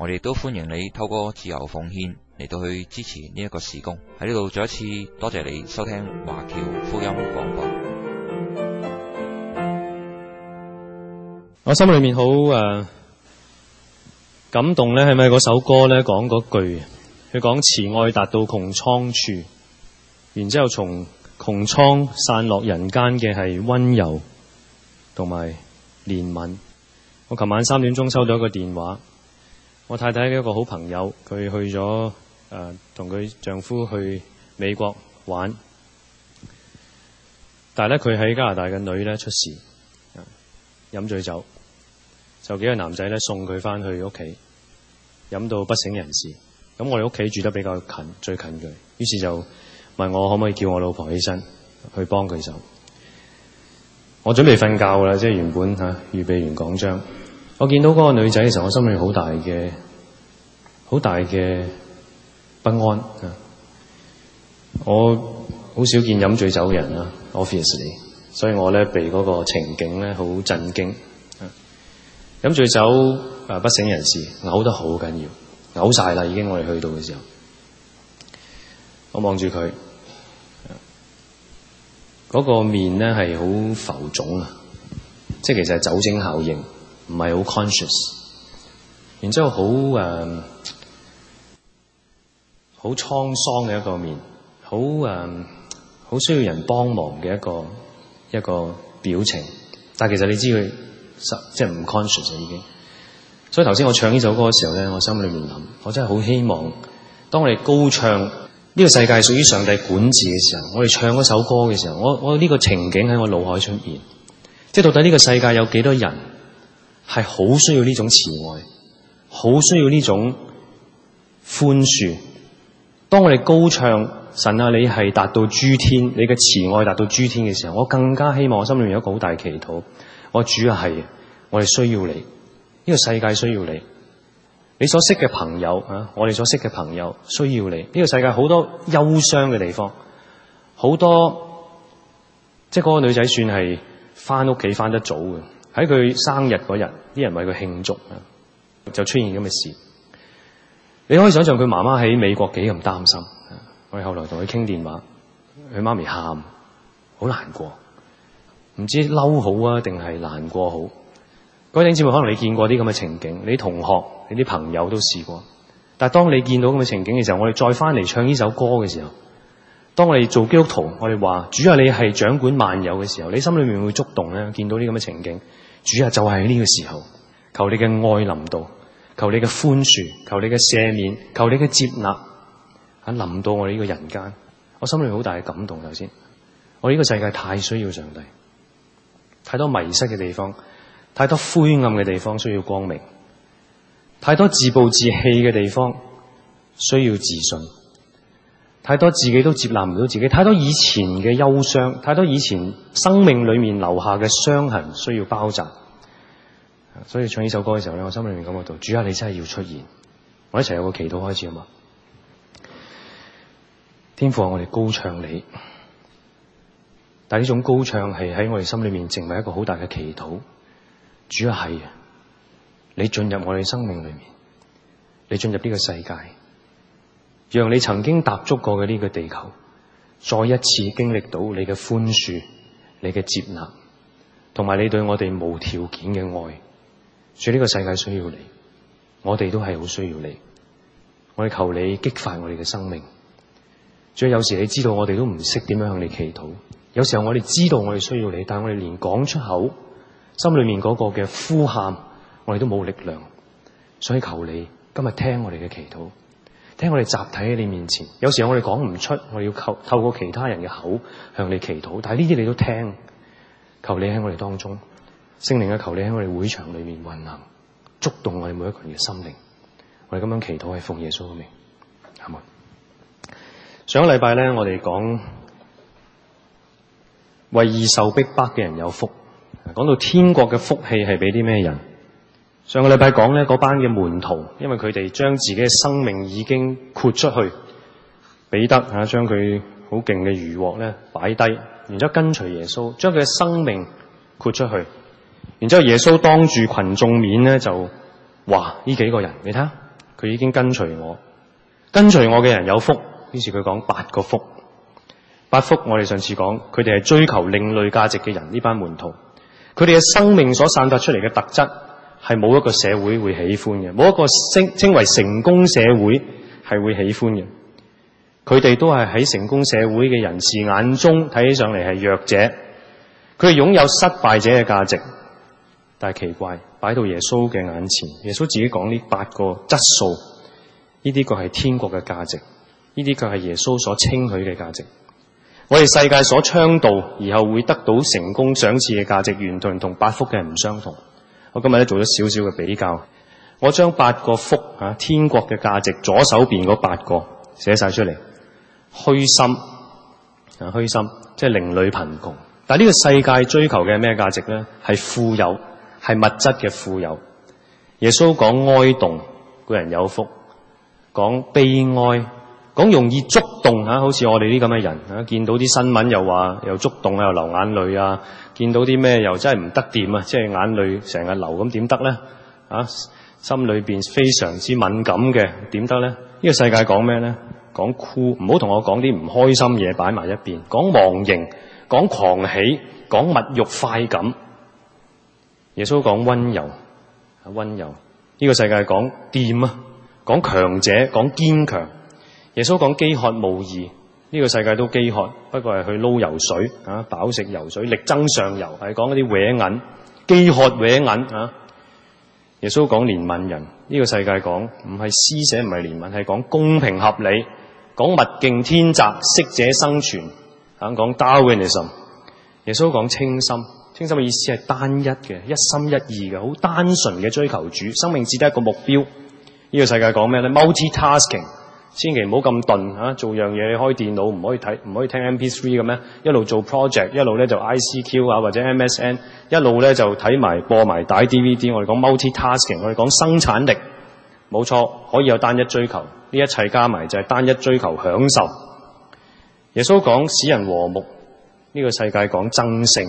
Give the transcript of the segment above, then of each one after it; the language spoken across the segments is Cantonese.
我哋都歡迎你透過自由奉獻嚟到去支持呢一個事工喺呢度。再一次多謝你收聽華僑福音廣播。我心裏面好誒、uh, 感動咧，係咪嗰首歌咧講嗰句？佢講慈愛達到窮倉處，然之後從窮倉散落人間嘅係溫柔同埋憐憫。我琴晚三點鐘收咗一個電話。我太太嘅一個好朋友，佢去咗誒，同、呃、佢丈夫去美國玩，但係咧佢喺加拿大嘅女咧出事，飲、嗯、醉酒，就幾個男仔咧送佢返去屋企，飲到不省人事。咁、嗯、我哋屋企住得比較近，最近嘅，於是就問我可唔可以叫我老婆起身去幫佢手。我準備瞓覺啦，即係原本嚇、啊、預備完講章。我見到嗰個女仔嘅時候，我心裏好大嘅、好大嘅不安啊！我好少見飲醉酒嘅人啦，obviously，所以我咧被嗰個情景咧好震驚。飲醉酒啊，不省人事，嘔得好緊要，嘔晒啦已經。我哋去到嘅時候，我望住佢，嗰個面咧係好浮腫啊，即係其實係酒精效應。唔係好 conscious，然之後好誒好滄桑嘅一個面，好誒好需要人幫忙嘅一個一個表情。但係其實你知佢實即係唔 conscious 啊，已經，所以頭先我唱呢首歌嘅時候咧，我心裏面諗，我真係好希望當我哋高唱呢，這個世界屬於上帝管治嘅時候，我哋唱嗰首歌嘅時候，我我呢個情景喺我腦海出現，即係到底呢個世界有幾多人？係好需要呢種慈愛，好需要呢種寬恕。當我哋高唱神啊，你係達到諸天，你嘅慈愛達到諸天嘅時候，我更加希望我心裏面有一個好大嘅祈禱。我主要、啊、係我哋需要你，呢個世界需要你。你所識嘅朋友啊，我哋所識嘅朋友需要你。呢個世界好多憂傷嘅地方，好多即係嗰個女仔算係翻屋企翻得早嘅。喺佢生日嗰日，啲人為佢慶祝，就出現咁嘅事。你可以想象佢媽媽喺美國幾咁擔心。我哋後來同佢傾電話，佢媽咪喊，好難過，唔知嬲好啊，定係難過好。各位姊妹可能你見過啲咁嘅情景，你同學、你啲朋友都試過。但係當你見到咁嘅情景嘅時候，我哋再翻嚟唱呢首歌嘅時候，當我哋做基督徒，我哋話主要你係掌管萬有嘅時候，你心裏面會觸動咧？見到啲咁嘅情景。主啊，就係呢個時候，求你嘅愛臨到，求你嘅寬恕，求你嘅赦免，求你嘅接納，喺臨到我哋呢個人間，我心裏好大嘅感動。首先，我呢個世界太需要上帝，太多迷失嘅地方，太多灰暗嘅地方需要光明，太多自暴自棄嘅地方需要自信。太多自己都接納唔到自己，太多以前嘅憂傷，太多以前生命裏面留下嘅傷痕需要包紮。所以唱呢首歌嘅時候咧，我心裏面感覺到主啊，你真係要出現。我一齊有個祈禱開始啊嘛。天父啊，我哋高唱你，但係呢種高唱係喺我哋心裏面成為一個好大嘅祈禱。主要係你進入我哋生命裏面，你進入呢個世界，讓你曾經踏足過嘅呢個地球，再一次經歷到你嘅寬恕、你嘅接納，同埋你對我哋無條件嘅愛。所以呢個世界需要你，我哋都係好需要你。我哋求你激發我哋嘅生命。所以有時你知道我哋都唔識點樣向你祈禱，有時候我哋知道我哋需要你，但係我哋連講出口，心裏面嗰個嘅呼喊，我哋都冇力量。所以求你今日聽我哋嘅祈禱。聽我哋集體喺你面前，有時候我哋講唔出，我要靠透透過其他人嘅口向你祈禱，但係呢啲你都聽。求你喺我哋當中，聖靈嘅求你喺我哋會場裏面運行，觸動我哋每一個人嘅心靈。我哋咁樣祈禱係奉耶穌嘅名，係咪？上個禮拜咧，我哋講為義受逼迫嘅人有福。講到天國嘅福氣係俾啲咩人？上個禮拜講咧嗰班嘅門徒，因為佢哋將自己嘅生命已經豁出去。彼得啊，將佢好勁嘅漁獲咧擺低，然之後跟隨耶穌，將佢嘅生命豁出去。然之後耶穌當住群眾面咧就話：呢幾個人，你睇下，佢已經跟隨我，跟隨我嘅人有福。於是佢講八個福，八福。我哋上次講佢哋係追求另類價值嘅人，呢班門徒，佢哋嘅生命所散發出嚟嘅特質。係冇一個社會會喜歡嘅，冇一個稱稱為成功社會係會喜歡嘅。佢哋都係喺成功社會嘅人士眼中睇起上嚟係弱者，佢哋擁有失敗者嘅價值。但係奇怪，擺到耶穌嘅眼前，耶穌自己講呢八個質素，呢啲個係天國嘅價值，呢啲個係耶穌所稱許嘅價值。我哋世界所倡導而後會得到成功賞賜嘅價值，完全同八福嘅唔相同。我今日咧，做咗少少嘅比較，我將八個福啊，天國嘅價值，左手邊嗰八個寫晒出嚟，虛心啊，虛心，即係靈裏貧窮。但係呢個世界追求嘅咩價值咧？係富有，係物質嘅富有。耶穌講哀慟，個人有福；講悲哀。講容易觸動吓、啊，好似我哋呢咁嘅人啊，見到啲新聞又話又觸動啊，又流眼淚啊。見到啲咩又真係唔得掂啊，即係眼淚成日流咁，點得呢？啊，心裏邊非常之敏感嘅，點得呢？呢個世界講咩呢？講酷，唔好同我講啲唔開心嘢，擺埋一邊。講忘形，講狂喜，講物欲快感。耶穌講溫柔，溫柔。呢個世界講掂啊，講強者，講堅強。耶穌講飢渴慕義呢，這個世界都飢渴，不過係去撈油水啊，飽食油水，力爭上游係講嗰啲搲銀飢渴搲銀啊。耶穌講憐憫人呢，這個世界講唔係施捨，唔係憐憫，係講公平合理，講物競天擇，適者生存。講、啊、Darwinism。耶穌講清心，清心嘅意思係單一嘅，一心一意嘅，好單純嘅追求主，生命只得一個目標。呢，這個世界講咩咧？Multitasking。Mult 千祈唔好咁鈍吓，做樣嘢開電腦唔可以睇唔可以聽 M P three 嘅咩？一路做 project，一路咧就 I C Q 啊或者 M S N，一路咧就睇埋播埋帶 D V D 我。Asking, 我哋講 multi tasking，我哋講生產力，冇錯可以有單一追求。呢一切加埋就係單一追求享受。耶穌講使人和睦，呢個世界講爭勝。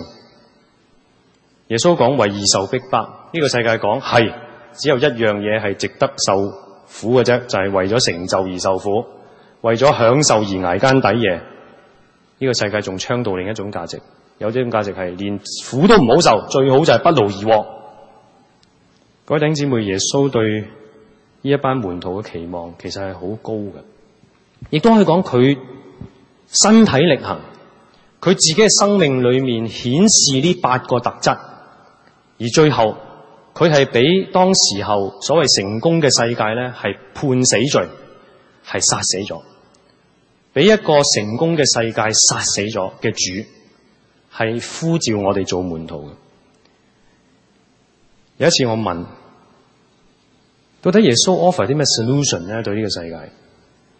耶穌講為義受逼迫，呢個世界講係只有一樣嘢係值得受。苦嘅啫，就係、是、為咗成就而受苦，為咗享受而挨更抵夜。呢、這個世界仲倡導另一種價值，有啲咁價值係連苦都唔好受，最好就係不勞而獲。各位弟兄姊妹，耶穌對呢一班門徒嘅期望其實係好高嘅，亦都可以講佢身體力行，佢自己嘅生命裏面顯示呢八個特質，而最後。佢係俾當時候所謂成功嘅世界咧，係判死罪，係殺死咗，俾一個成功嘅世界殺死咗嘅主，係呼召我哋做門徒嘅。有一次我問，到底耶穌 offer 啲咩 solution 咧？對呢個世界，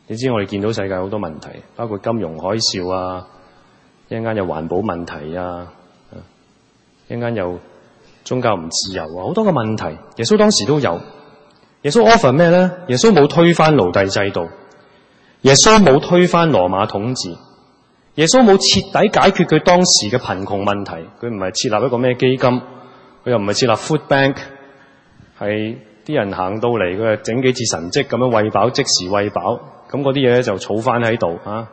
你知我哋見到世界好多問題，包括金融海嘯啊，一陣間有環保問題啊，一陣間又。宗教唔自由啊，好多嘅問題，耶穌當時都有。耶穌 offer 咩咧？耶穌冇推翻奴隸制度，耶穌冇推翻羅馬統治，耶穌冇徹底解決佢當時嘅貧窮問題，佢唔係設立一個咩基金，佢又唔係設立 food bank。係啲人行到嚟，佢整幾次神蹟咁樣喂飽即時喂飽，咁嗰啲嘢咧就儲翻喺度啊，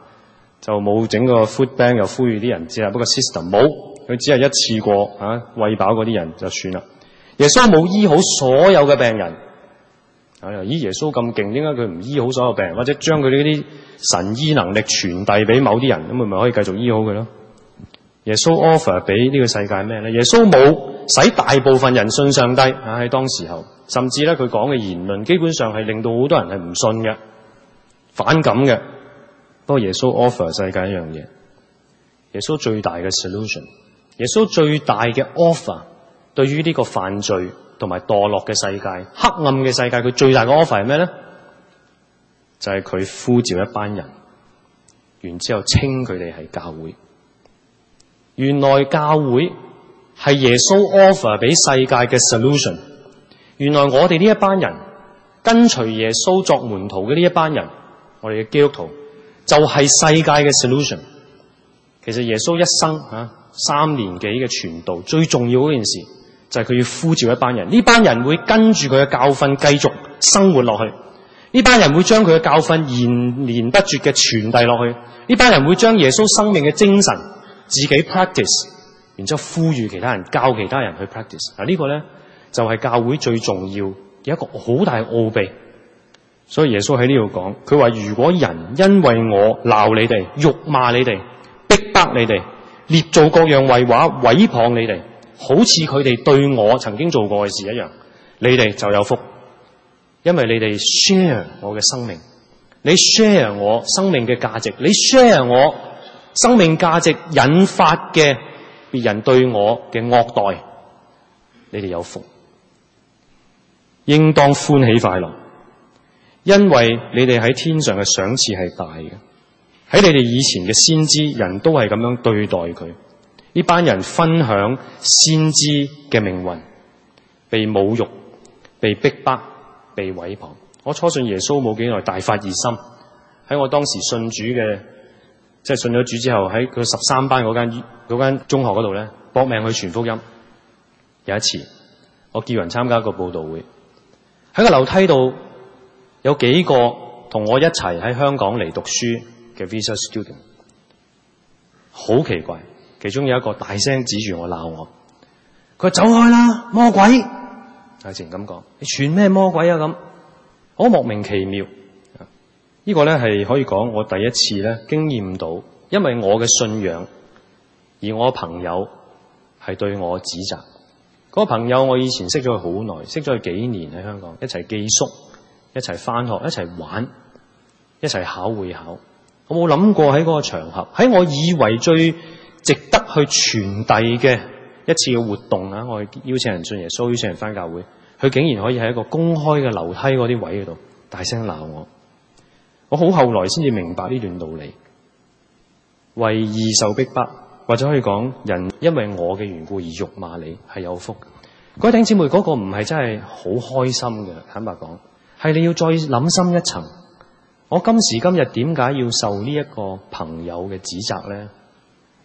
就冇整個 food bank 又呼籲啲人知啦，不過 system 冇。佢只係一次過嚇、啊、餵飽嗰啲人就算啦。耶穌冇醫好所有嘅病人啊！咦？耶穌咁勁，點解佢唔醫好所有病人？或者將佢呢啲神醫能力傳遞俾某啲人，咁佢咪可以繼續醫好佢咯？耶穌 offer 俾呢個世界咩咧？耶穌冇使大部分人信上帝啊！喺當時候，甚至咧佢講嘅言論，基本上係令到好多人係唔信嘅、反感嘅。不過耶穌 offer 世界一樣嘢。耶穌最大嘅 solution。耶穌最大嘅 offer，對於呢個犯罪同埋墮落嘅世界，黑暗嘅世界，佢最大嘅 offer 係咩咧？就係佢呼召一班人，然之後稱佢哋係教會。原來教會係耶穌 offer 俾世界嘅 solution。原來我哋呢一班人跟隨耶穌作門徒嘅呢一班人，我哋嘅基督徒就係世界嘅 solution。其實耶穌一生吓、啊、三年幾嘅傳道，最重要嗰件事就係、是、佢要呼召一班人。呢班人會跟住佢嘅教訓繼續生活落去。呢班人會將佢嘅教訓延綿不絕嘅傳遞落去。呢班人會將耶穌生命嘅精神自己 practice，然之後呼籲其他人，教其他人去 practice。嗱，呢個呢，就係、是、教會最重要嘅一個好大嘅奧秘。所以耶穌喺呢度講，佢話如果人因為我鬧你哋、辱罵你哋，得你哋捏造各樣壞話，毀謗你哋，好似佢哋對我曾經做過嘅事一樣，你哋就有福，因為你哋 share 我嘅生命，你 share 我生命嘅價值，你 share 我生命價值引發嘅別人對我嘅惡待，你哋有福，應當歡喜快樂，因為你哋喺天上嘅賞賜係大嘅。喺你哋以前嘅先知，人都係咁樣對待佢。呢班人分享先知嘅命運，被侮辱、被逼迫，迫，迫，迫、被毀謗。我初信耶穌冇幾耐，大發熱心。喺我當時信主嘅，即係信咗主之後，喺佢十三班嗰間間中學嗰度咧，搏命去傳福音。有一次，我叫人參加一個布道會，喺個樓梯度有幾個同我一齊喺香港嚟讀書嘅 visa student，好奇怪，其中有一個大聲指住我鬧我，佢走開啦，魔鬼，係直情咁講，你傳咩魔鬼啊，咁，我莫名其妙，這個、呢個咧係可以講我第一次咧經驗到，因為我嘅信仰，而我朋友係對我指責，嗰、那個朋友我以前識咗佢好耐，識咗佢幾年喺香港，一齊寄宿，一齊返學，一齊玩，一齊考會考。我冇諗過喺嗰個場合，喺我以為最值得去傳遞嘅一次嘅活動啊，我邀請人信耶穌，邀請人返教會，佢竟然可以喺一個公開嘅樓梯嗰啲位度大聲鬧我，我好後來先至明白呢段道理，為義受逼迫，或者可以講人因為我嘅緣故而辱罵你，係有福。嗰頂姊妹嗰、那個唔係真係好開心嘅，坦白講，係你要再諗深一層。我今時今日點解要受呢一個朋友嘅指責咧？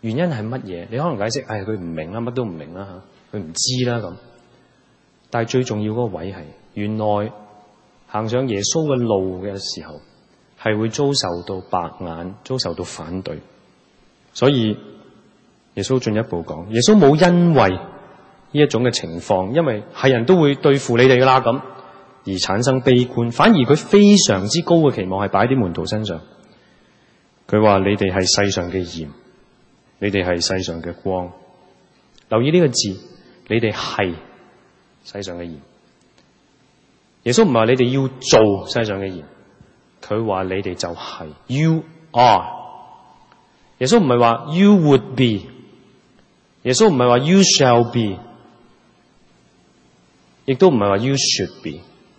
原因係乜嘢？你可能解釋，唉、哎，佢唔明啦，乜都唔明啦嚇，佢唔知啦咁。但係最重要嗰個位係，原來行上耶穌嘅路嘅時候，係會遭受到白眼，遭受到反對。所以耶穌進一步講，耶穌冇因為呢一種嘅情況，因為係人都會對付你哋噶啦咁。而產生悲觀，反而佢非常之高嘅期望係擺喺啲門徒身上。佢話：你哋係世上嘅鹽，你哋係世上嘅光。留意呢個字，你哋係世上嘅鹽。耶穌唔係話你哋要做世上嘅鹽，佢話你哋就係。You are。耶穌唔係話 You would be。耶穌唔係話 You shall be。亦都唔係話 You should be。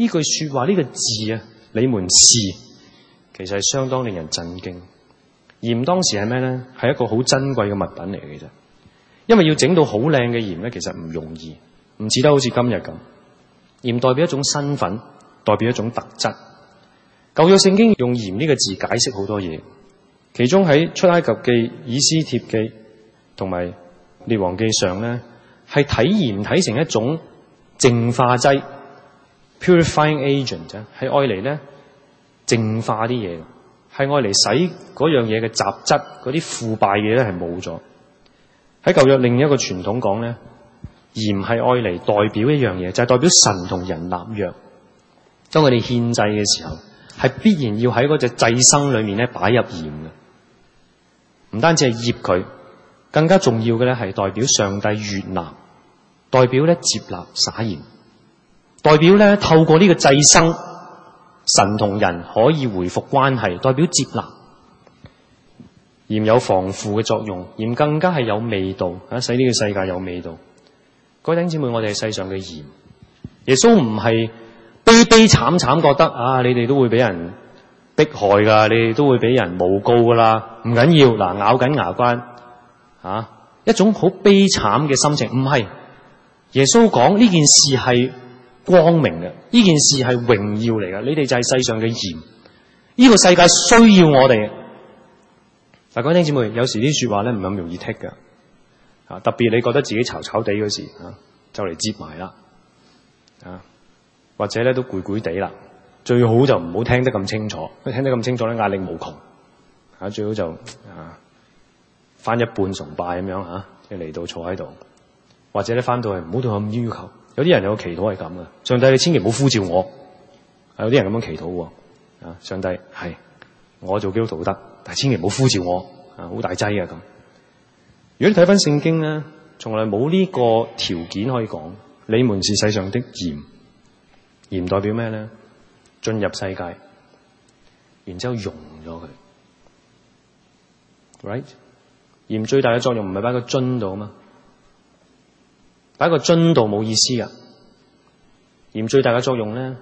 呢句說話呢個字啊，你們是，其實係相當令人震驚。鹽當時係咩咧？係一個好珍貴嘅物品嚟嘅啫，因為要整到好靚嘅鹽咧，其實唔容易，唔似得好似今日咁。鹽代表一種身份，代表一種特質。舊約聖經用鹽呢個字解釋好多嘢，其中喺出埃及記、以斯帖記同埋列王記上咧，係睇鹽睇成一種淨化劑。purifying agent 啫，喺愛嚟咧淨化啲嘢，喺愛嚟使嗰樣嘢嘅雜質，嗰啲腐敗嘢咧係冇咗。喺舊約另一個傳統講咧，鹽係愛嚟代表一樣嘢，就係、是、代表神同人立約。當佢哋獻祭嘅時候，係必然要喺嗰隻祭牲裏面咧擺入鹽嘅，唔單止係醃佢，更加重要嘅咧係代表上帝悅納，代表咧接納撒鹽。代表咧，透過呢個祭牲，神同人可以回復關係，代表接納，鹽有防腐嘅作用，鹽更加係有味道，吓、啊、使呢個世界有味道。各位弟兄姊妹，我哋係世上嘅鹽。耶穌唔係悲悲慘慘，覺得啊，你哋都會俾人迫害噶，你哋都會俾人誣告噶啦。唔緊要，嗱，咬緊牙關啊，一種好悲慘嘅心情。唔係，耶穌講呢件事係。光明嘅，呢件事係榮耀嚟嘅，你哋就係世上嘅鹽，呢、這個世界需要我哋。大各位姐妹，有時啲說話咧唔咁容易剔 a 噶，啊，特別你覺得自己嘈嘈地嗰時啊，就嚟接埋啦，啊，或者咧都攰攰地啦，最好就唔好聽得咁清楚，因為聽得咁清楚咧壓力無窮，啊，最好就啊，翻一半崇拜咁樣吓、啊，即係嚟到坐喺度，或者咧翻到去唔好對我咁要求。有啲人有個祈禱係咁嘅，上帝你千祈唔好呼召我。有啲人咁樣祈禱，啊，上帝係我做基督徒得，但係千祈唔好呼召我，啊，好大劑啊咁。如果你睇翻聖經咧，從來冇呢個條件可以講，你們是世上的鹽。鹽代表咩咧？進入世界，然之後溶咗佢，right？鹽最大嘅作用唔係擺個樽度啊嘛？擺個樽度冇意思㗎，而最大嘅作用咧，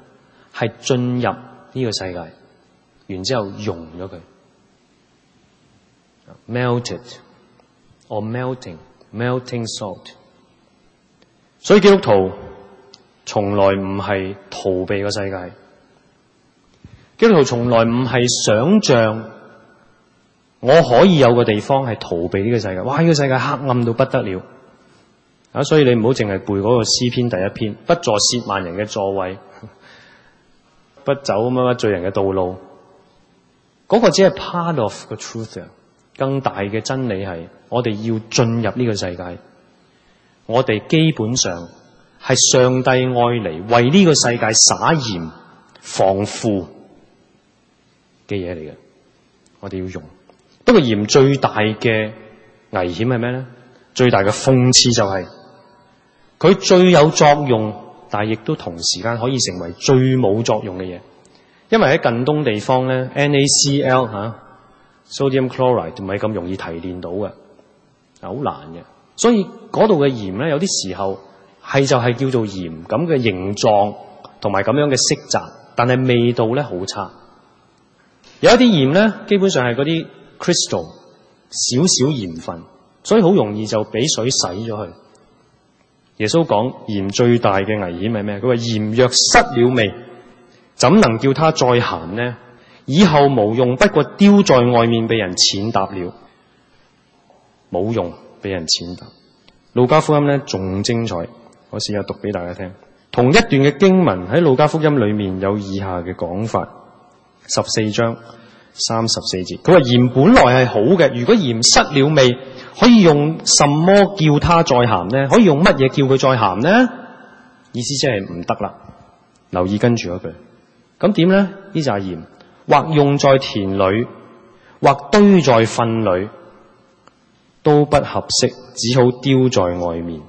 係進入呢個世界，然之後溶咗佢，melted or melting melting salt。所以基督徒從來唔係逃避個世界，基督徒從來唔係想象我可以有個地方係逃避呢個世界。哇！呢個世界黑暗到不得了。啊！所以你唔好淨係背嗰個詩篇第一篇，不坐褻慢人嘅座位， 不走乜乜罪人嘅道路。嗰、嗰個只係 part of the truth 啊！更大嘅真理係，我哋要進入呢個世界，我哋基本上係上帝愛嚟為呢個世界撒鹽防腐嘅嘢嚟嘅，我哋要用。不過鹽最大嘅危險係咩咧？最大嘅諷刺就係、係。佢最有作用，但係亦都同時間可以成為最冇作用嘅嘢，因為喺近東地方咧，NaCl 吓、啊、sodium chloride 唔係咁容易提煉到嘅，啊好難嘅。所以嗰度嘅鹽咧，有啲時候係就係叫做鹽咁嘅形狀同埋咁樣嘅色澤，但係味道咧好差。有一啲鹽咧，基本上係嗰啲 crystal 少少鹽分，所以好容易就俾水洗咗去。耶穌講鹽最大嘅危險係咩？佢話鹽若失了味，怎能叫他再鹹呢？以後無用，不過丟在外面被人踐踏了，冇用俾人踐踏。路加福音呢，仲精彩，我試下讀俾大家聽。同一段嘅經文喺路加福音裏面有以下嘅講法，十四章，三十四節，佢話鹽本來係好嘅，如果鹽失了味，可以用什麼叫它再鹹呢？可以用乜嘢叫佢再鹹呢？意思即係唔得啦。留意跟住一句，咁點呢？呢就係鹽，或用在田裏，或堆在糞裏，都不合適，只好丟在外面。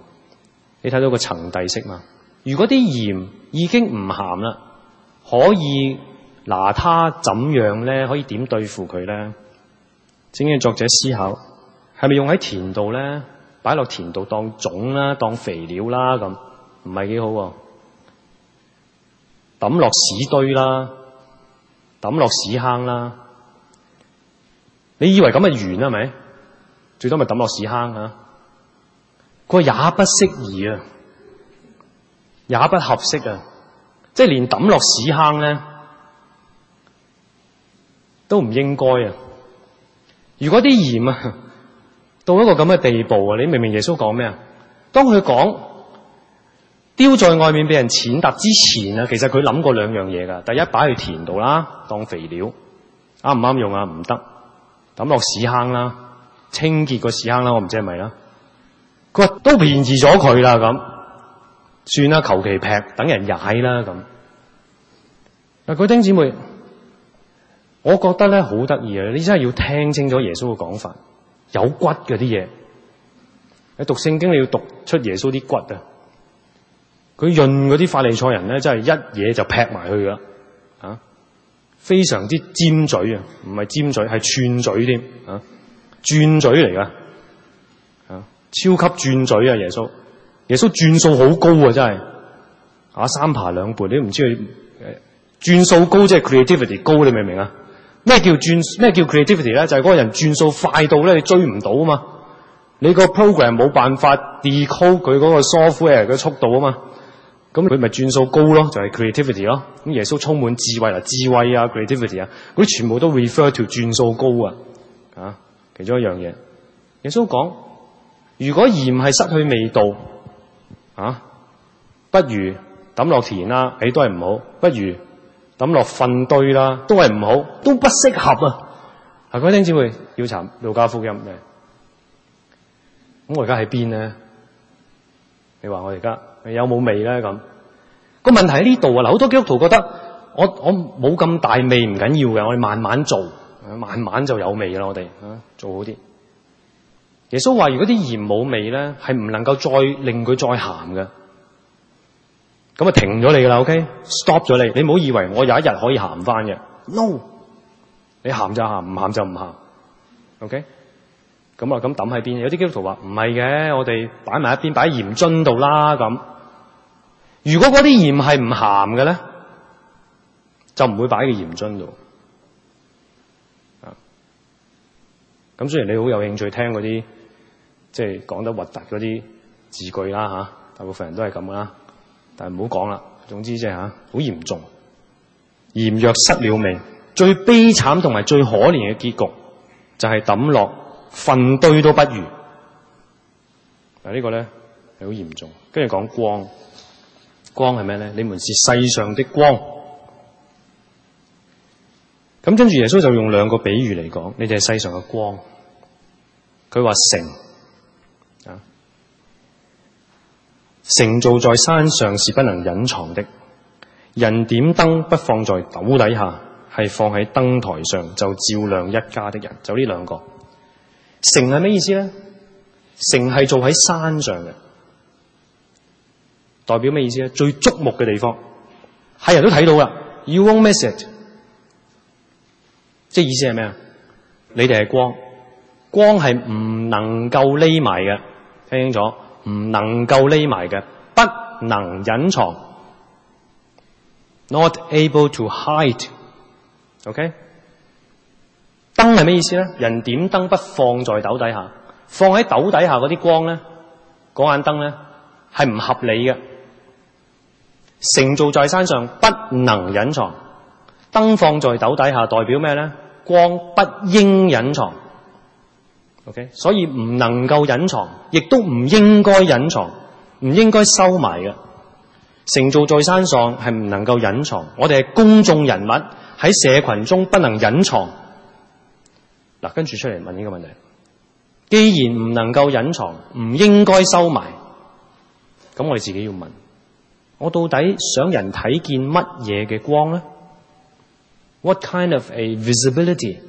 你睇到個層遞式嘛？如果啲鹽已經唔鹹啦，可以。拿他怎樣咧？可以點對付佢咧？正經作者思考，係咪用喺田度咧？擺落田度當種啦，啊，當肥料啦，啊，咁唔係幾好喎，啊？抌落屎堆啦，啊，抌落屎坑啦。你以為咁嘅完啦？咪最多咪抌落屎坑啊？佢話，啊啊，也不適宜啊，也不合適啊，即係連抌落屎坑咧，都唔應該啊！如果啲鹽啊到一個咁嘅地步啊，你明明耶穌講咩啊？當佢講丟在外面俾人踐踏之前啊，其實佢諗過兩樣嘢噶。第一，擺去田度啦，當肥料，啱唔啱用啊？唔得，抌落屎坑啦，清潔個屎坑啦，我唔知係咪啦。佢話都便宜咗佢啦，咁算啦，求其劈等人踩啦，咁嗱，佢丁姊妹。我覺得咧好得意啊！你真係要聽清楚耶穌嘅講法，有骨嗰啲嘢。你讀聖經你要讀出耶穌啲骨啊！佢潤嗰啲法利賽人咧，真係一嘢就劈埋去噶啦，啊！非常之尖嘴啊，唔係尖嘴，係串嘴添，啊，轉嘴嚟噶，啊，超級轉嘴啊！耶穌，耶穌轉數好高啊，真係啊，三扒兩撥，你唔知佢誒轉數高即係 creativity 高，你明唔明啊？咩叫轉咩叫 creativity 咧？就係嗰個人轉數快到咧，你追唔到啊嘛！你個 program 冇辦法 decode 佢嗰個 software 嘅速度啊嘛！咁佢咪轉數高咯，就係 creativity 咯。咁耶穌充滿智慧啊，智慧啊，creativity 啊，佢全部都 refer to 轉數高啊！啊，其中一樣嘢，耶穌講：如果鹽係失去味道，啊，不如抌落田啦，你都係唔好，不如。抌落糞堆啦，都係唔好，都不適合啊！各位聽姐妹，要查《路加福音》嘅。咁我而家喺邊咧？你話我而家有冇味咧？咁、嗰個問題喺呢度啊！嗱，好多基督徒覺得我我冇咁大味唔緊要嘅，我哋慢慢做、啊，慢慢就有味啦。我哋啊，做好啲。耶穌話：如果啲鹽冇味咧，係唔能夠再令佢再咸嘅。咁咪停咗你噶啦，OK？Stop、okay? 咗你，你唔好以為我有一日可以鹹返嘅。No，你鹹就鹹，唔鹹就唔鹹，OK？咁啊，咁抌喺邊？有啲基督徒話唔係嘅，我哋擺埋一邊，擺喺鹽樽度啦。咁如果嗰啲鹽係唔咸嘅咧，就唔會擺喺鹽樽度啊。咁雖然你好有興趣聽嗰啲，即係講得核突嗰啲字句啦，吓、啊、大部分人都係咁啦。但係唔好講啦，總之即係吓，好嚴重，鹽若失了味，最悲慘同埋最可憐嘅結局就係抌落糞堆都不如。嗱、啊這個、呢個咧，係好嚴重。跟住講光，光係咩咧？你們是世上的光。咁跟住耶穌就用兩個比喻嚟講，你哋係世上嘅光。佢話城，城造在山上是不能隱藏的，人點燈不放在斗底下，係放喺燈臺上就照亮一家的人。就呢兩個，城係咩意思咧？城係做喺山上嘅，代表咩意思咧？最矚目嘅地方，係人都睇到噶。You won't miss it。即係意思係咩啊？你哋係光，光係唔能夠匿埋嘅，聽清楚。唔能夠匿埋嘅，不能隱藏。Not able to hide。OK？燈係咩意思咧？人點燈不放在斗底下，放喺斗底下嗰啲光咧，嗰眼燈咧係唔合理嘅。城造在山上不能隱藏，燈放在斗底下代表咩咧？光不應隱藏。OK，所以唔能夠隱藏，亦都唔應該隱藏，唔應該收埋嘅。城造在山上係唔能夠隱藏，我哋係公眾人物喺社群中不能隱藏。嗱，跟住出嚟問呢個問題：既然唔能夠隱藏，唔應該收埋，咁我哋自己要問：我到底想人睇見乜嘢嘅光咧？What kind of a visibility？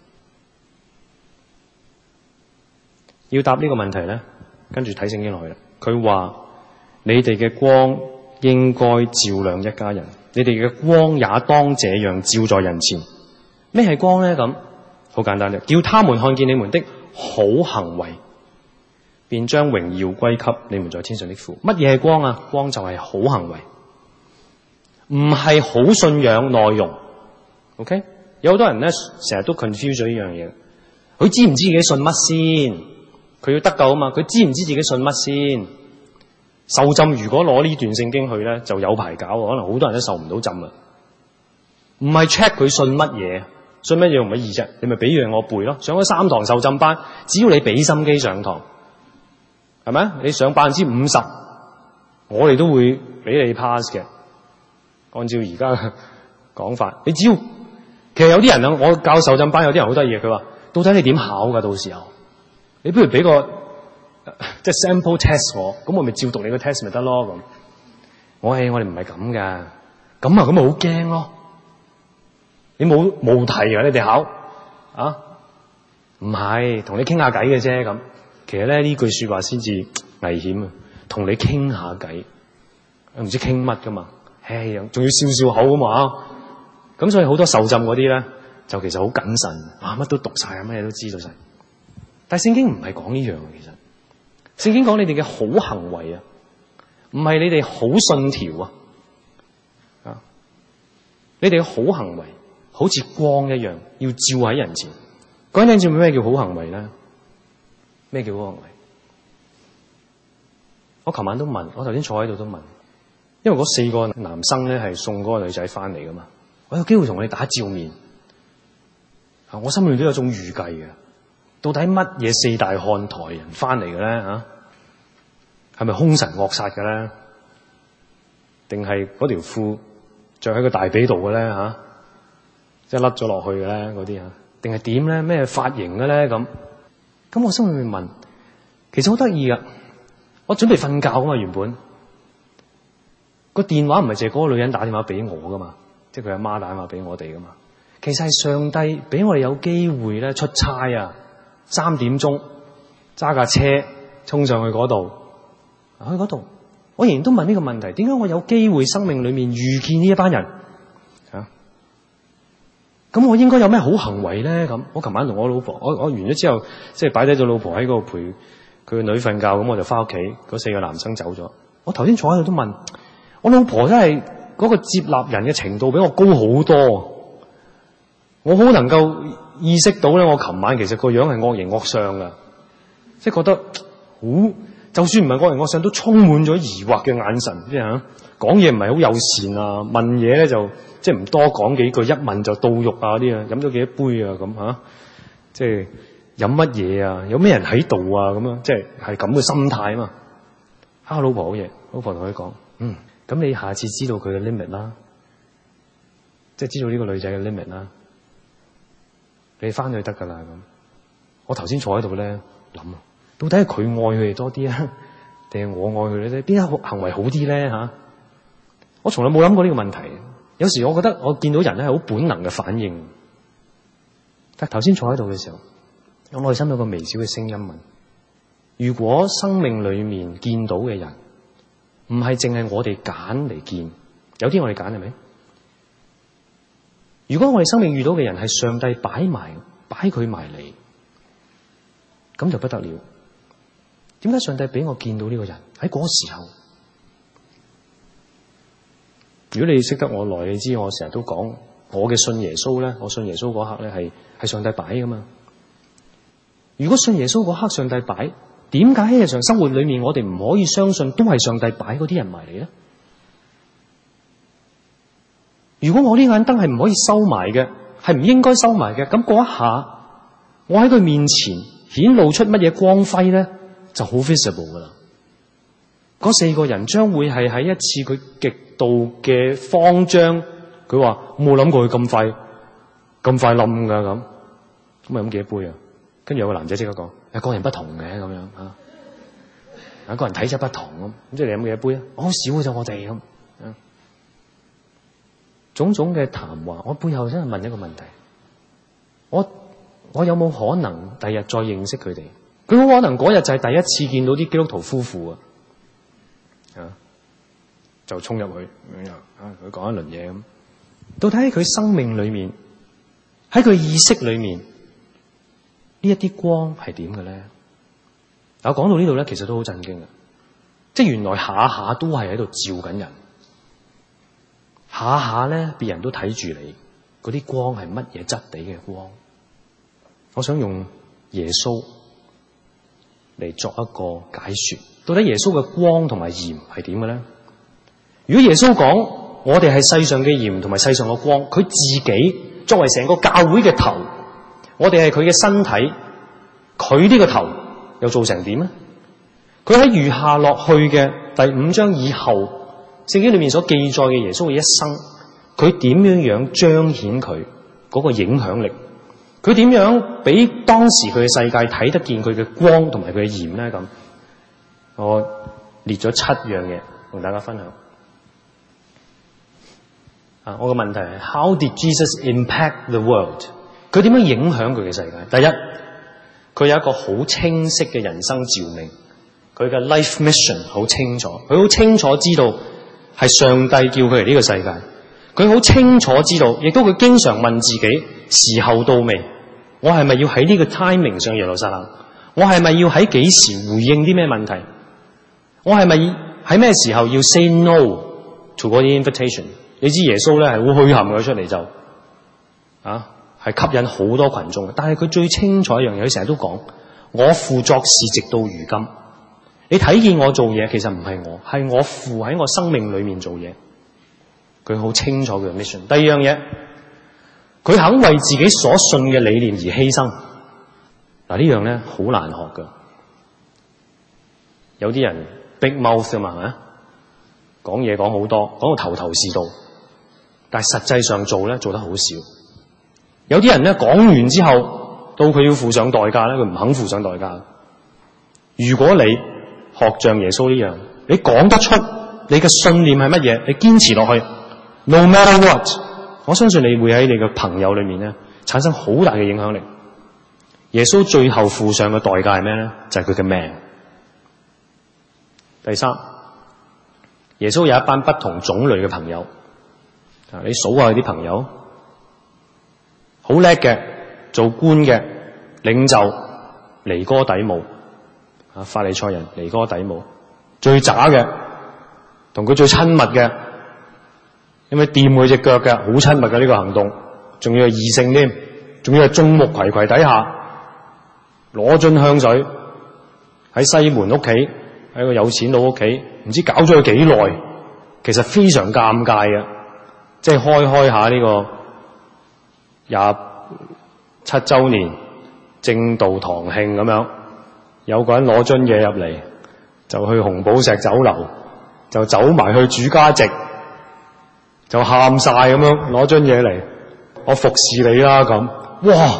要答呢個問題咧，跟住睇聖經落去啦。佢話：你哋嘅光應該照亮一家人，你哋嘅光也當這樣照在人前。咩係光咧？咁好簡單啫，叫他們看見你們的好行為，便將榮耀歸給你們在天上的父。乜嘢係光啊？光就係好行為，唔係好信仰內容。OK，有好多人咧，成日都 confuse 咗一樣嘢。佢知唔知自己信乜先？佢要得救啊嘛！佢知唔知自己信乜先？受浸如果攞呢段聖經去咧，就有排搞，可能好多人都受唔到浸了啊！唔係 check 佢信乜嘢，信乜嘢容乜易啫。你咪俾樣我背咯。上咗三堂受浸班，只要你俾心機上堂，係咪啊？你上百分之五十，我哋都會俾你 pass 嘅。按照而家講法，你只要其實有啲人啊，我教受浸班有啲人好得意，佢話到底你點考㗎？到時候？你不如俾個即係 sample test 我，咁我咪照讀你個 test 咪得咯咁。我係我哋唔係咁噶，咁啊咁咪好驚咯。你冇冇題啊？你哋考啊？唔係同你傾下偈嘅啫。咁其實咧呢句說話先至危險啊！同你傾下偈，唔知傾乜噶嘛？唉、哎，仲要笑笑口啊嘛。咁所以好多受浸嗰啲咧，就其實好謹慎，啊乜都讀晒，乜嘢都知道晒。但係聖經唔係講呢樣啊，其實聖經講你哋嘅好行為啊，唔係你哋好信條啊，啊，你哋嘅好行為好似光一樣，要照喺人前。講緊照咩叫好行為咧？咩叫好行為？我琴晚都問，我頭先坐喺度都問，因為嗰四個男生咧係送嗰個女仔翻嚟噶嘛，我有機會同佢哋打照面，吓我心裏都有種預計嘅。到底乜嘢四大漢台人翻嚟嘅咧？嚇、啊，係咪凶神惡煞嘅咧？定係嗰條褲着喺個大髀度嘅咧？嚇、啊，即係甩咗落去嘅咧？嗰啲啊，定係點咧？咩髮型嘅咧？咁咁，我心裏面問，其實好得意噶。我準備瞓覺噶嘛？原本個電話唔係借嗰個女人打電話俾我噶嘛？即係佢阿媽打電話俾我哋噶嘛？其實係上帝俾我哋有機會咧出差啊！三點鐘揸架車衝上去嗰度，去嗰度，我仍然都問呢個問題：點解我有機會生命裏面遇見呢一班人啊？咁我應該有咩好行為咧？咁我琴晚同我老婆，我我完咗之後，即係擺低咗老婆喺嗰度陪佢個女瞓覺，咁我就翻屋企。嗰四個男生走咗，我頭先坐喺度都問我老婆，真係嗰個接納人嘅程度比我高好多。我好能夠意識到咧，我琴晚其實個樣係惡形惡相嘅，即係覺得好，就算唔係惡形惡相，都充滿咗疑惑嘅眼神。即係嚇，講嘢唔係好友善啊，問嘢咧就即係唔多講幾句，一問就到肉啊啲啊，飲咗幾多杯啊咁嚇，即係飲乜嘢啊，有咩人喺度啊咁樣，即係係咁嘅心態嘛啊嘛。嚇老婆好嘢，老婆同佢講，嗯，咁你下次知道佢嘅 limit 啦，即係知道呢個女仔嘅 limit 啦。你翻去得㗎喇咁，我頭先坐喺度咧諗，到底係佢愛佢哋多啲啊，定係我愛佢哋咧？邊個行為好啲咧？吓，我從來冇諗過呢個問題。有時我覺得我見到人咧係好本能嘅反應，但係頭先坐喺度嘅時候，我內心有個微小嘅聲音問：如果生命裏面見到嘅人唔係淨係我哋揀嚟見，有啲我哋揀係咪？是如果我哋生命遇到嘅人係上帝擺埋，擺佢埋嚟，咁就不得了。點解上帝俾我見到呢個人喺嗰時候？如果你識得我耐，你知我成日都講我嘅信耶穌咧，我信耶穌嗰刻咧係係上帝擺嘅嘛。如果信耶穌嗰刻上帝擺，點解喺日常生活裏面我哋唔可以相信都係上帝擺嗰啲人埋嚟咧？如果我呢眼燈係唔可以收埋嘅，係唔應該收埋嘅，咁嗰一下，我喺佢面前顯露出乜嘢光輝咧，就好 visible 噶啦。嗰四個人將會係喺一次佢極度嘅慌張，佢話冇諗過佢咁快咁快冧噶咁，咁啊飲幾杯啊？跟住有個男仔即刻講，有個人不同嘅咁樣啊，啊，個人體質不同咁，即係你飲幾多杯啊？好少嘅就我哋咁。種種嘅談話，我背後真係問一個問題：我我有冇可能第日,日再認識佢哋？佢好可能嗰日就係第一次見到啲基督徒夫婦啊，吓、啊、就衝入去啊，佢、啊、講一輪嘢咁。到底佢生命裏面，喺佢意識裏面，呢一啲光係點嘅咧？我講到呢度咧，其實都好震驚啊，即係原來下下都係喺度照緊人。下下咧，別人都睇住你，嗰啲光係乜嘢質地嘅光？我想用耶穌嚟，作一個解說，到底耶穌嘅光同埋鹽係點嘅咧？如果耶穌講我哋係世上嘅鹽同埋世上嘅光，佢自己作為成個教會嘅頭，我哋係佢嘅身體，佢呢個頭又做成點咧？佢喺餘下落去嘅第五章以後。聖經裏面所記載嘅耶穌嘅一生，佢點樣樣彰顯佢嗰個影響力？佢點樣俾當時佢嘅世界睇得見佢嘅光同埋佢嘅鹽咧？咁我列咗七樣嘢同大家分享啊。我嘅問題係：How did Jesus impact the world？佢點樣影響佢嘅世界？第一，佢有一個好清晰嘅人生照明，佢嘅 life mission 好清楚，佢好清楚知道。係上帝叫佢嚟呢個世界，佢好清楚知道，亦都佢經常問自己：時候到未？我係咪要喺呢個 timing 上耶路撒冷？我係咪要喺幾時回應啲咩問題？我係咪喺咩時候要 say no to 嗰啲 invitation？你知耶穌咧係好虛含佢出嚟就啊，係吸引好多群眾。但係佢最清楚一樣嘢，佢成日都講：我父作事直到如今。你睇見我做嘢，其實唔係我，係我父喺我生命裏面做嘢。佢好清楚佢嘅 mission。第二樣嘢，佢肯為自己所信嘅理念而犧牲。嗱呢樣咧好難學噶。有啲人 big mouth 啊嘛，係咪？講嘢講好多，講到頭頭是道，但係實際上做咧做得好少。有啲人咧講完之後，到佢要付上代價咧，佢唔肯付上代價。如果你學像耶穌呢樣，你講得出你嘅信念係乜嘢？你堅持落去，no matter what，我相信你會喺你嘅朋友裏面咧產生好大嘅影響力。耶穌最後付上嘅代價係咩咧？就係佢嘅命。第三，耶穌有一班不同種類嘅朋友，你數下佢啲朋友，好叻嘅做官嘅領袖，尼哥底母。啊！法利賽人尼哥底母最渣嘅，同佢最親密嘅，因為掂佢隻腳嘅，好親密嘅呢個行動，仲要係異性添，仲要係眾目睽睽底下攞樽香水喺西門屋企，喺個有錢佬屋企，唔知搞咗佢幾耐，其實非常尷尬嘅，即係開開下呢個廿七周年正道堂慶咁樣。有個人攞樽嘢入嚟，就去紅寶石酒樓，就走埋去主家席，就喊晒咁樣，攞樽嘢嚟，我服侍你啦咁。哇，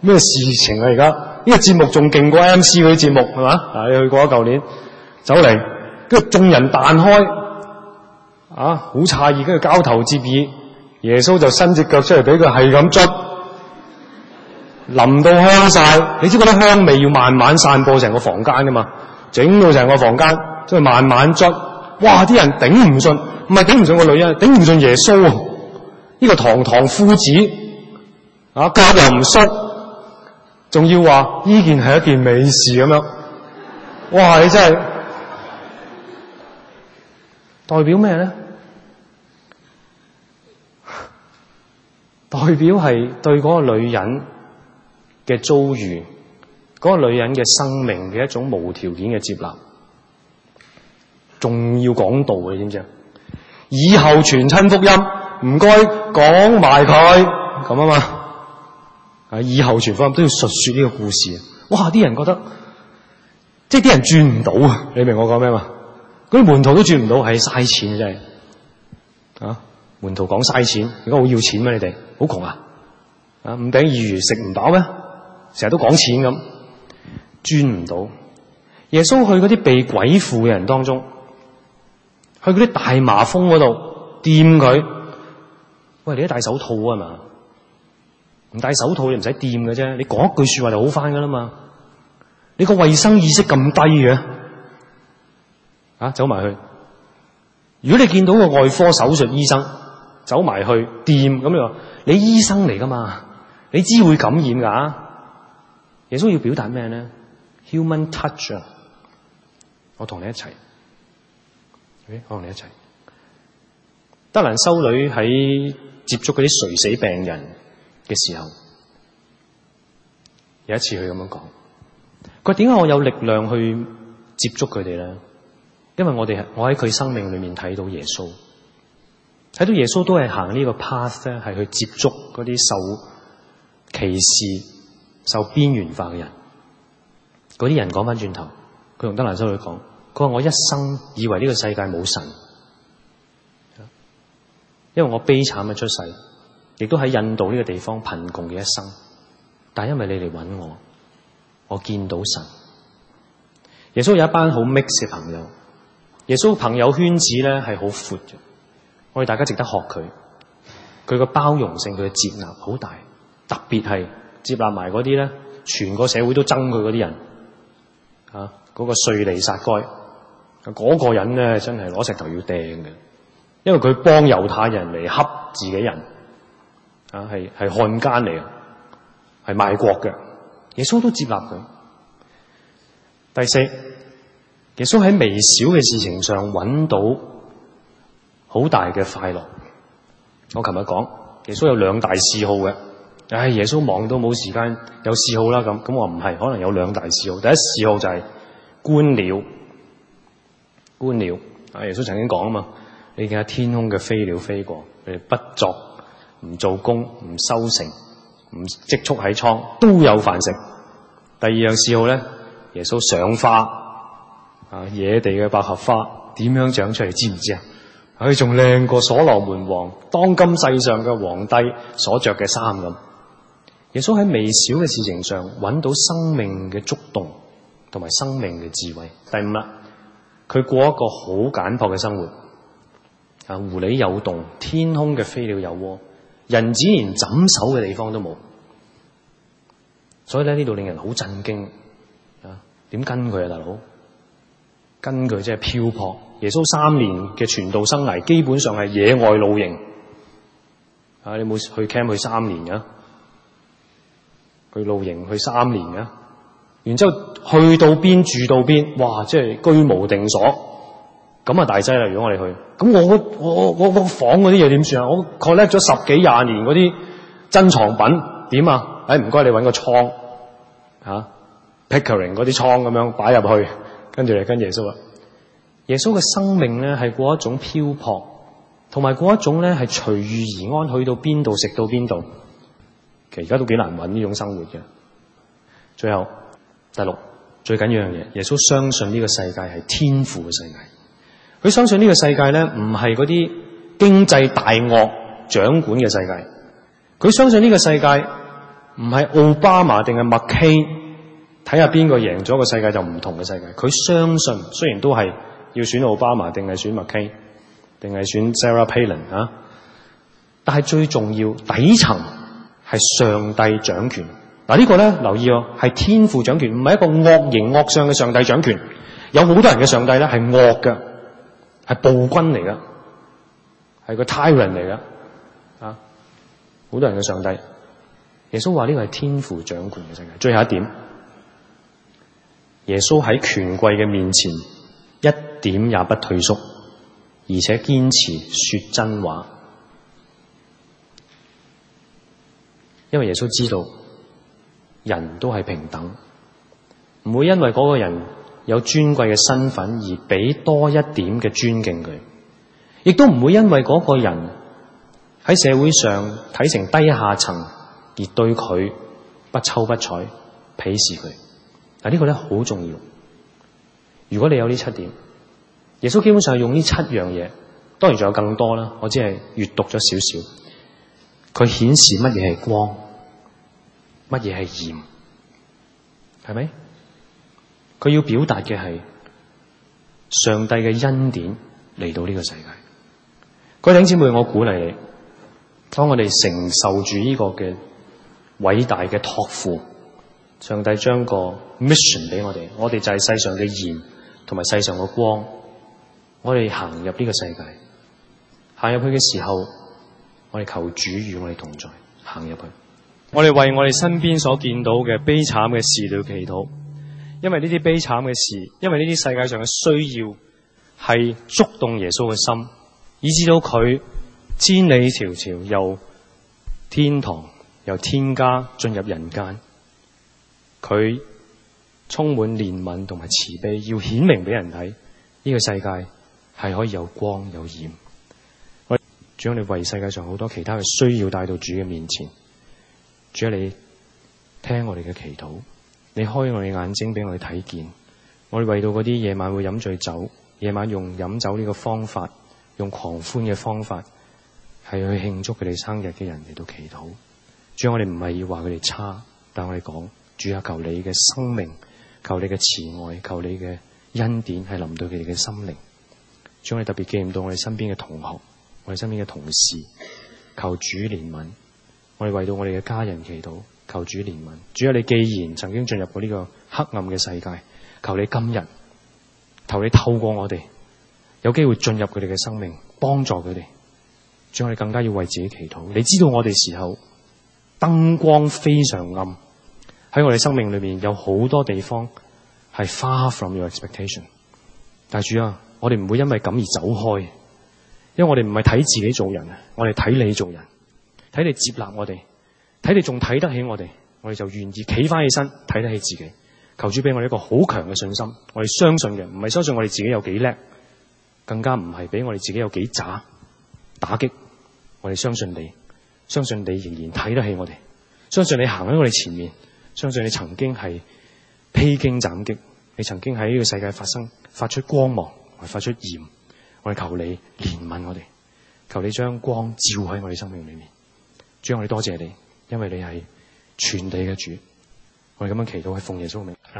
咩事情啊？而家呢個節目仲勁過 MC 嗰啲節目係嘛？啊，你去過啦？舊年走嚟，跟住眾人彈開，啊，好詫異，跟住交頭接耳。耶穌就伸隻腳出嚟俾佢係咁捽。淋到香晒，你知覺得香味要慢慢散播成個房間噶嘛？到整到成個房間，即係慢慢捽。哇！啲人頂唔順，唔係頂唔順個女人，頂唔順耶穌啊！呢、呢個堂堂夫子啊，甲又唔縮，仲要話呢件係一件美事咁樣。哇！你真係代表咩咧？代表係對嗰個女人嘅遭遇，嗰、嗰個女人嘅生命嘅、那個、一種無條件嘅接納，仲要講道嘅，你知唔知啊？以後傳親福音，唔該講埋佢咁啊嘛。啊，以後傳福音都要述說呢個故事。哇，啲人覺得即係啲人轉唔到啊，你明我講咩嘛？嗰啲門徒都轉唔到，係嘥錢嘅真係啊！門徒講嘥錢，而家好要錢咩？你哋好窮啊？啊，五餅二魚食唔飽咩？成日都講錢咁，轉唔到。耶穌去嗰啲被鬼附嘅人當中，去嗰啲大麻風嗰度掂佢。喂，你都戴手套啊嘛？唔戴手套你唔使掂嘅啫。你講一句說話就好翻噶啦嘛。你個衛生意識咁低嘅啊？走埋去。如果你見到個外科手術醫生走埋去掂咁，你話你醫生嚟噶嘛？你知會感染噶？耶穌要表達咩咧？Human touch，啊！我同你一齊，好，我同你一齊。德蘭修女喺接觸嗰啲垂死病人嘅時候，有一次佢咁樣講：佢點解我有力量去接觸佢哋咧？因為我哋我喺佢生命裏面睇到耶穌，睇到耶穌都係行呢個 path 咧，係去接觸嗰啲受歧視。受邊緣化嘅人，嗰啲人講翻轉頭，佢用德蘭修女講，佢話我一生以為呢個世界冇神，因為我悲慘嘅出世，亦都喺印度呢個地方貧窮嘅一生。但係因為你嚟揾我，我見到神。耶穌有一班好 mix 嘅朋友，耶穌朋友圈子咧，係好闊嘅，我哋大家值得學佢，佢個包容性，佢嘅接納好大，特別係。接納埋嗰啲咧，全個社會都憎佢嗰啲人，啊，嗰個稅吏撒該，嗰個人咧真係攞石頭要掟嘅，因為佢幫猶太人嚟恰自己人，啊，係係漢奸嚟，係賣國嘅，耶穌都接納佢。第四，耶穌喺微小嘅事情上揾到好大嘅快樂。我琴日講，耶穌有兩大嗜好嘅。唉、哎，耶穌忙到冇時間有嗜好啦咁，咁我唔係，可能有兩大嗜好。第一嗜好就係觀鳥，觀鳥。啊，耶穌曾經講啊嘛，你見下天空嘅飛鳥飛過，你哋不作，唔做工，唔收成，唔積蓄喺倉，都有飯食。第二樣嗜好咧，耶穌賞花。啊，野地嘅百合花點樣長出嚟？知唔知啊？佢仲靚過所羅門王當今世上嘅皇帝所着嘅衫咁。耶穌喺微小嘅事情上搵到生命嘅觸動同埋生命嘅智慧。第五啦，佢過一個好簡樸嘅生活。啊，狐狸有洞，天空嘅飛鳥有窩，人子連枕手嘅地方都冇。所以咧，呢度令人好震驚啊！點跟佢啊，大佬？跟佢即係漂泊。耶穌三年嘅傳道生涯，基本上係野外露營。啊，你冇去 camp 去三年噶，啊？佢露營去三年嘅，然之後去到邊住到邊，哇！即係居無定所，咁啊大劑啦！如果我哋去，咁我我我我房嗰啲嘢點算啊？我 collect 咗十幾廿年嗰啲珍藏品點、哎、啊？誒，唔該你搵個倉啊，Pickering 嗰啲倉咁樣擺入去，跟住嚟，跟耶穌啦。耶穌嘅生命咧係過一種漂泊，同埋過一種咧係隨遇而安，去到邊度食到邊度。其實而家都幾難搵呢種生活嘅。最後，第六最緊要樣嘢，耶穌相信呢個世界係天父嘅世界，佢相信呢個世界咧唔係嗰啲經濟大鱷掌管嘅世界，佢相信呢個世界唔係奧巴馬定係麥 k，睇下邊個贏咗個世界就唔同嘅世界。佢相信雖然都係要選奧巴馬定係選麥 k，定係選 Sarah Palin 啊，但係最重要底層係上帝掌權嗱。這個、呢個咧，留意哦，係天父掌權，唔係一個惡形惡相嘅上帝掌權。有好多人嘅上帝咧係惡嘅，係暴君嚟噶，係個 tyrant 嚟噶啊！好多人嘅上帝，耶穌話呢個係天父掌權嘅世界。最後一點，耶穌喺權貴嘅面前一點也不退縮，而且堅持說真話。因為耶穌知道人都係平等，唔會因為嗰個人有尊貴嘅身份而俾多一點嘅尊敬佢，亦都唔會因為嗰個人喺社會上睇成低下層而對佢不瞅不睬、鄙視佢。但呢個咧好重要。如果你有呢七點，耶穌基本上係用呢七樣嘢，當然仲有更多啦。我只係閱讀咗少少。佢顯示乜嘢係光，乜嘢係鹽，係咪？佢要表達嘅係上帝嘅恩典嚟到呢個世界。各位弟兄姊妹，我鼓勵你，當我哋承受住呢個嘅偉大嘅託付，上帝將個 mission 俾我哋，我哋就係世上嘅鹽同埋世上嘅光，我哋行入呢個世界，行入去嘅時候。我哋求主與我哋同在，行入去。我哋為我哋身邊所見到嘅悲慘嘅事要祈禱，因為呢啲悲慘嘅事，因為呢啲世界上嘅需要係觸動耶穌嘅心，以至到佢千里迢迢由天堂由天家進入人間，佢充滿憐憫同埋慈悲，要顯明俾人睇呢、這個世界係可以有光有鹽。主啊，你為世界上好多其他嘅需要帶到主嘅面前。主啊，你聽我哋嘅祈禱，你開我哋眼睛俾我哋睇見。我哋為到嗰啲夜晚會飲醉酒、夜晚用飲酒呢個方法，用狂歡嘅方法係去慶祝佢哋生日嘅人嚟到祈禱。主啊，我哋唔係要話佢哋差，但我哋講，主啊，求你嘅生命，求你嘅慈愛，求你嘅恩典係臨到佢哋嘅心靈。主，你特別記唔到我哋身邊嘅同學。我哋身邊嘅同事，求主憐憫。我哋為到我哋嘅家人祈禱，求主憐憫。主啊，你既然曾經進入過呢個黑暗嘅世界，求你今日，求你透過我哋，有機會進入佢哋嘅生命，幫助佢哋。主啊，我哋更加要為自己祈禱。你知道我哋時候燈光非常暗，喺我哋生命裏面有好多地方係 far from your expectation。大主啊，我哋唔會因為咁而走開。因為我哋唔係睇自己做人，我哋睇你做人，睇你接納我哋，睇你仲睇得起我哋，我哋就願意企翻起身睇得起自己。求主俾我哋一個好強嘅信心，我哋相信嘅唔係相信我哋自己有幾叻，更加唔係俾我哋自己有幾渣打擊。我哋相信你，相信你仍然睇得起我哋，相信你行喺我哋前面，相信你曾經係披荊斬棘，你曾經喺呢個世界發生發出光芒，或發出鹽。我哋求你憐憫我哋，求你將光照喺我哋生命裏面，主，我哋多謝你，因為你係全地嘅主。我哋咁樣祈禱，奉耶穌名。